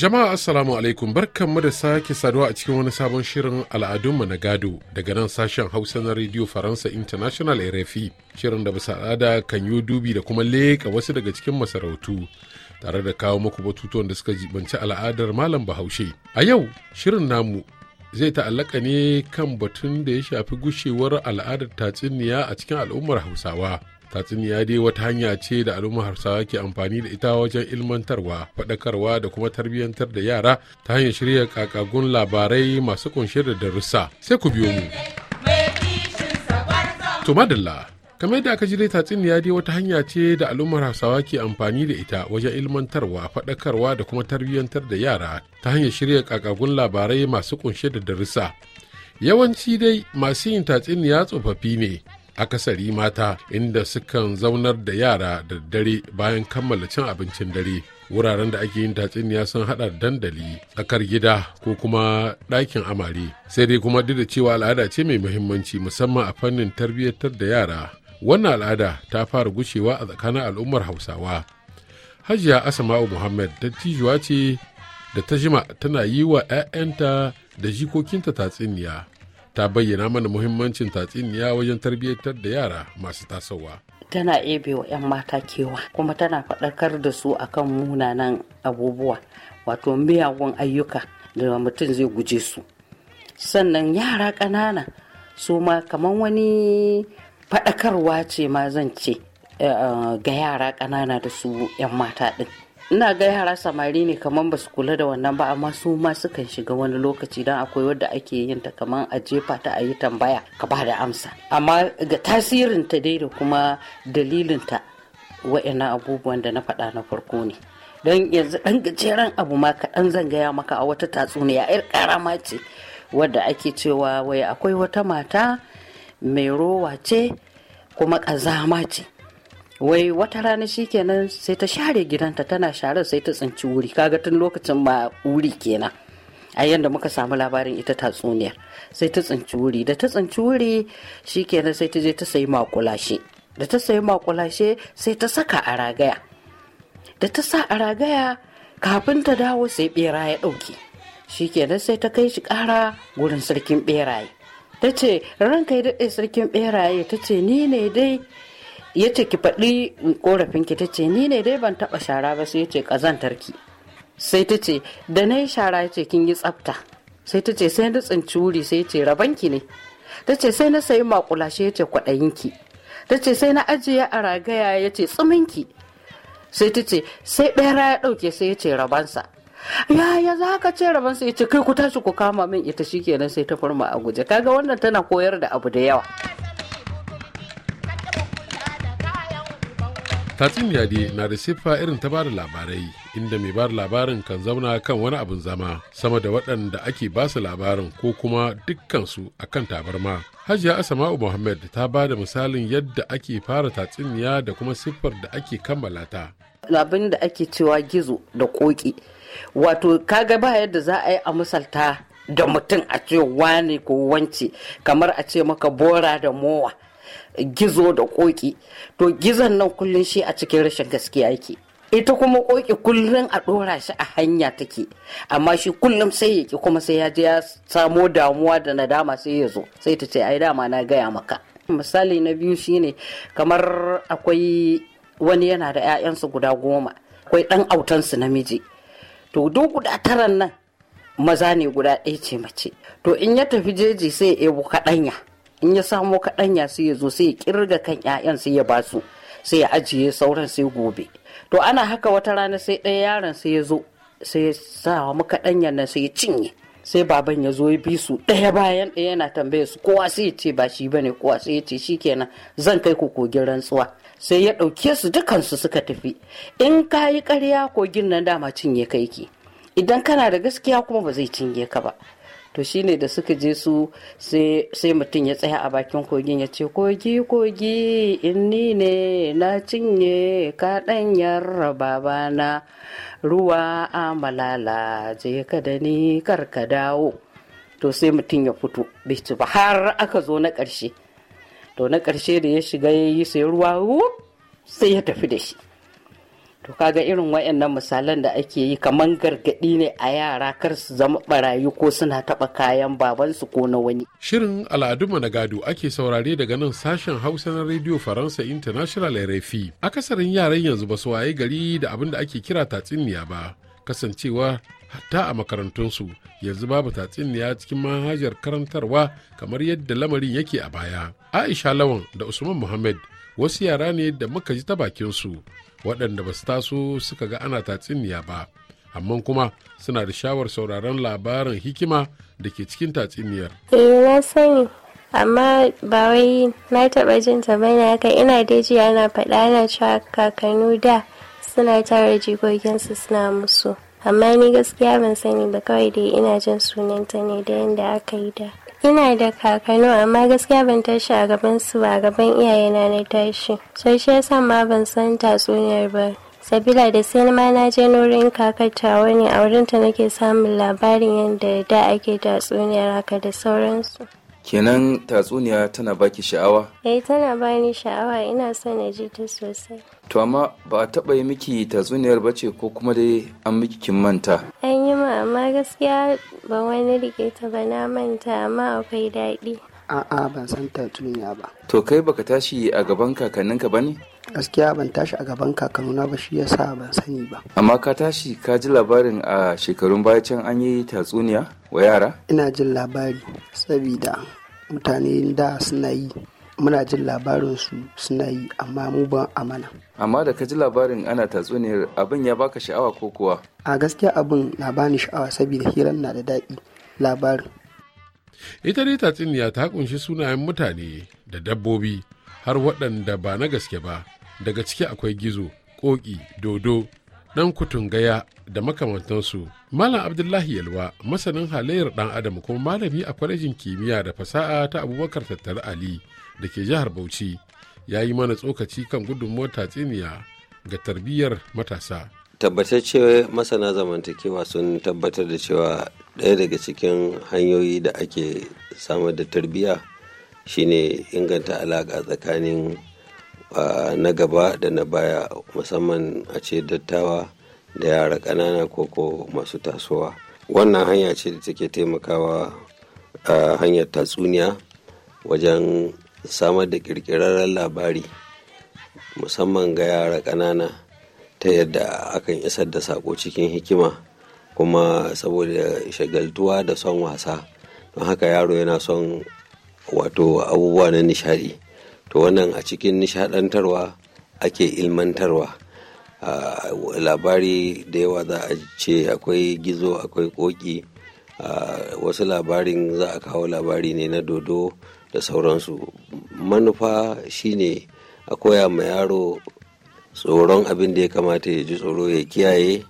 Jama'a Assalamu alaikum barkanmu da sake saduwa a cikin wani sabon shirin al'adunmu na gado daga nan sashen Hausa na Radio Faransa International RFI shirin da bisa al'ada kan yi dubi da kuma leƙa wasu daga cikin masarautu tare da kawo muku batutuwan da suka jibanci al'adar Malam Bahaushe. A yau shirin namu zai ta'allaka ne kan batun da ya shafi gushewar al'adar tatsuniya a cikin al'ummar Hausawa tatsuniya dai wata hanya ce da al'umma hausawa ke amfani da ita wajen ilmantarwa faɗakarwa da kuma tarbiyyantar da yara ta hanyar shirya kakagun labarai masu kunshe da darussa sai ku biyo mu to madalla kamar yadda aka ji dai tatsuniya dai wata hanya ce da al'ummar hausawa ke amfani da ita wajen ilmantarwa faɗakarwa da kuma tarbiyyantar da yara ta hanyar shirya kakagun labarai masu kunshe da darussa yawanci dai masu yin tatsuniya tsofaffi ne akasari mata inda sukan zaunar da yara da dare bayan kammala cin abincin dare wuraren da ake yin tatsuniya sun hada dandali tsakar gida ko kuma ɗakin amare sai dai kuma duk da cewa al'ada ce mai muhimmanci musamman a fannin tarbiyyatar da yara wannan al'ada ta fara gushewa a tsakanin al'ummar hausawa hajiya asama'u muhammad tijuwa ce da ta jima tana yi wa 'ya'yanta da jikokinta tatsuniya ta bayyana mana muhimmancin tatsuniya wajen tarbiyyantar da yara masu tasowa. Tana ebe wa 'yan mata kewa kuma tana faɗakar da su akan munanan abubuwa wato miyagun ayyuka da mutum zai guje su. Sannan yara ƙanana su ma kamar wani faɗakarwa ce ma zan ce eh, ga yara ƙanana da su 'yan mata ɗin. ina ga yara samari ne kamar ba su kula da wannan ba amma su ma sukan shiga wani lokaci don akwai wadda ake yin ta kamar a jefa ta a yi tambaya ka ba da amsa amma ga tasirin ta dai da kuma dalilin ta wa'ina abubuwan da na faɗa na farko ne don yanzu ɗan gajeren abu ma kaɗan zan gaya maka a wata tatsuniya yar karama ce wadda ake cewa wai akwai wata mata mai rowa ce kuma ƙazama ce wai wata rana shikenan sai ta share gidanta tana share sai ta tsinci wuri kaga tun lokacin ma wuri kenan a yadda muka samu labarin ita tatsuniyar sai ta tsinci wuri da ta tsinci wuri shikenan sai ta je ta sayi makulashe da ta sayi makulashe sai ta saka a ragaya da ta sa a ragaya kafin ta dawo sai bera ya ɗauke shikenan sai ta kai shi ƙara gurin sarkin beraye ta ce ranka ya daɗe sarkin beraye ta ce ni ne dai ya ce ki faɗi korafin ki ta ce ni ne dai ban taɓa shara ba sai ya ce ƙazantar ki sai ta ce da na yi shara ya ce kin yi tsafta sai ta ce sai na tsinci wuri sai ya ce rabanki ne ta ce sai na sayi makulashe ya ce kwaɗayinki ta ce sai na ajiye a ragaya ya ce tsiminki sai ta ce sai ɗaya ya ɗauke sai ya ce rabansa ya ya za ka ce rabansa ya ce kai ku tashi ku kama min ita shikenan sai ta farma a guje kaga wannan tana koyar da abu da yawa tatsuniya dai na da siffa irin ta bada labarai inda mai bada labarin kan zauna kan wani abin zama sama da waɗanda ake ba su labarin ko kuma dukkansu a kan tabarma hajiya asama'u muhammad ta ba da misalin yadda ake fara tatsuniya da kuma siffar da ake kammala ta labin da ake cewa gizo da koki wato kaga ba yadda za a yi a misalta da mutum a ce wane ko wance kamar a ce maka bora da mowa gizo da koki to gizon nan kullum shi a cikin rashin gaskiya yake ita kuma koki kullum a dora shi a hanya take amma shi kullum sai ya kuma sai ya je ya samo damuwa da nadama sai ya zo sai ta ce ai dama na gaya maka misali na biyu shine kamar akwai wani yana da 'ya'yansu guda goma akwai ɗan autan su namiji to duk guda taran nan maza ne guda ɗaya ce mace to in ya tafi jeji sai ya ebo kaɗanya in ya samo kaɗanya sai ya zo sai ya kirga kan 'ya'yan sai ya basu sai ya ajiye sauran sai gobe to ana haka wata rana sai ɗaya yaron sai ya zo sai ya sa wa makaɗanyan nan sai ya cinye sai baban ya zo ya bi su ɗaya bayan ɗaya yana tambayar su kowa sai ya ce ba shi ba ne kowa sai ya ce shi kenan zan kai ku kogin rantsuwa sai ya ɗauke su dukansu suka tafi in ka yi ƙarya kogin nan dama cinye kai ki idan kana da gaskiya kuma ba zai cinye ka ba to shine da suka je su sai mutum ya tsaya a bakin kogin ya ce kogi kogi inni ne na cinye ka kaɗanyar babana ruwa a malala je ka da ni karka dawo to sai mutum ya fito bai ba har aka zo na ƙarshe to na ƙarshe da ya shiga ya yi sai ruwa sai ya tafi da shi to kaga irin wayannan misalan da ake yi kamar gargadi ne a yara kar su zama barayi ko suna taɓa kayan babansu ko na wani shirin al'adunmu na gado ake saurare daga nan sashen hausa na radio faransa international rfi akasarin yaran yanzu ba su waye gari da abin da ake kira tatsuniya ba kasancewa hatta a makarantunsu yanzu babu tatsuniya cikin manhajar karantarwa kamar yadda lamarin yake a baya aisha lawan da usman muhammad wasu yara ne da muka ji ta bakinsu waɗanda ba su taso suka ga ana tatsiniya ba amma kuma suna da shawar sauraron labarin hikima da ke cikin tatsiniyar. Eh na sani amma ba wai na taɓa jin ta bane haka ina dai ji ana faɗa ana cewa kakannu da suna tara jikokinsu suna musu. amma ni gaskiya ban sani ba kawai dai ina jin sunanta ne da yadda aka yi da ina da kakano amma gaskiya ban tashi a gaban su ba gaban iyayena na tashi sai shi yasa ma ban san tatsuniyar ba sabila da sai ma na je nurin kakatawa ne a wurinta nake samun labarin yadda da ake tatsuniyar haka da sauransu kenan tatsuniya tana baki sha'awa eh tana bani sha'awa ina son na ji ta sosai to amma ba a taba yi miki tatsuniyar bace ko kuma dai an miki kin manta an yi ma amma gaskiya ba wani rike ta ba na manta amma akwai daɗi A'a ban san tatsuniya ba. To kai baka tashi a gaban kakanninka ba ne? Gaskiya ban tashi a gaban kakannuna ba shi yasa ban sani ba. Amma ka tashi ka ji labarin a shekarun baya can an yi tatsuniya wa yara? Ina jin labari sabida mutane da suna yi muna jin labarin su suna yi amma mu ban amana. Amma da ka ji labarin ana tatsuniyar abin ya baka sha'awa ko kuwa? A gaskiya abin na bani sha'awa saboda hirar na da daɗi labarin. ita dai tatsuniya ta kunshi sunayen mutane da dabbobi har waɗanda ba na gaske ba daga ciki akwai gizo koki dodo ɗan kutungaya da makamantansu malam abdullahi yalwa masanin halayyar ɗan adam kuma malami a kwalejin kimiyya da fasaha ta abubakar tattare ali da ke jihar bauchi ya yi mana tsokaci kan gudunmuwar tatsuniya ga tarbiyyar matasa tabbatacce masana zamantakewa sun tabbatar da cewa ɗaya daga cikin hanyoyi da ake samar da tarbiyya shine inganta alaƙa tsakanin na gaba da na baya musamman a ce dattawa da yara ƙanana koko masu tasowa wannan hanya ce da take taimakawa a hanyar tatsuniya wajen samar da ƙirƙirarren labari musamman ga yara ƙanana ta yadda akan isar da saƙo cikin hikima kuma saboda shagaltuwa da son wasa don haka yaro yana son wato abubuwa na nishadi to wannan a cikin nishadantarwa ake ilmantarwa labari da yawa za a ce akwai gizo akwai koki wasu labarin za a kawo labari ne na dodo da sauransu manufa shine a koya ma yaro tsoron abin da ya kamata ya ji tsoro ya kiyaye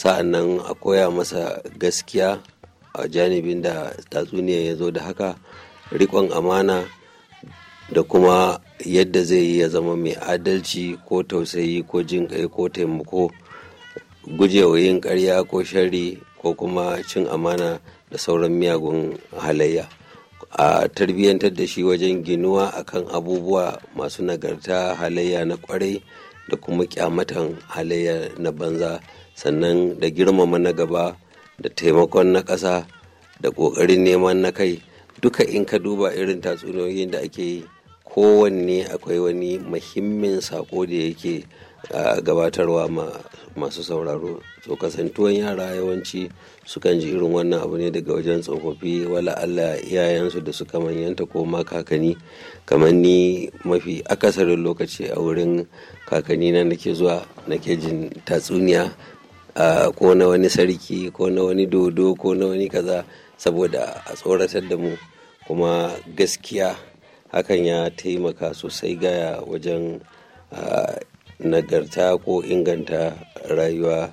sa'annan a koya masa gaskiya a janibin da tatsuniya ya zo da haka rikon amana da kuma yadda zai yi ya zama mai adalci ko tausayi ko jin kai ko taimako gujewa yin karya ko shari ko kuma cin amana da sauran miyagun halayya a tarbiyyantar da shi wajen ginuwa akan abubuwa masu nagarta halayya na kwarai da kuma kyamatan halayya na banza sannan da girmama na gaba da taimakon na ƙasa da ƙoƙarin neman na kai duka in ka duba irin tatsuniyoyin da ake yi kowanne akwai wani muhimmin sako da yake gabatarwa masu sauraro to kasantuwan yara yawanci sukan ji irin wannan abu ne daga wajen tsofaffi wala Allah iyayensu da suka manyanta ko ma kakani kamar ni mafi akasarin lokaci a wurin kakani na nake zuwa nake jin tatsuniya ko na wani sarki ko na wani dodo ko na wani kaza saboda a tsoratar da mu kuma gaskiya hakan ya taimaka sosai gaya wajen nagarta ko inganta rayuwa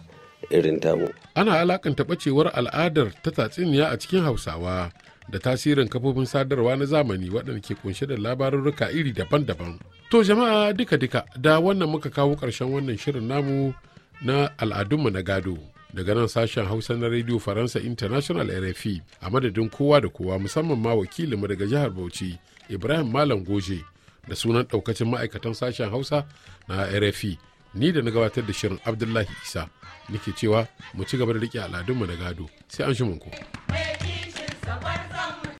irin tamu. Ana alakanta bacewar al'adar ta tatsiniya a cikin Hausawa da tasirin kafofin sadarwa na zamani waɗanda ke kunshe da labarurruka iri daban-daban. To jama'a duka-duka da wannan muka kawo ƙarshen wannan shirin namu na al'adunmu na gado daga nan sashen hausa na radio faransa international rfi a madadin kowa da kowa musamman ma wakilinmu daga jihar bauchi ibrahim malam goje da sunan daukacin ma'aikatan sashen hausa na rfi ni da na gabatar da shirin abdullahi isa nake cewa mu ci gaba da riƙe al'adunmu na gado sai an shi ku.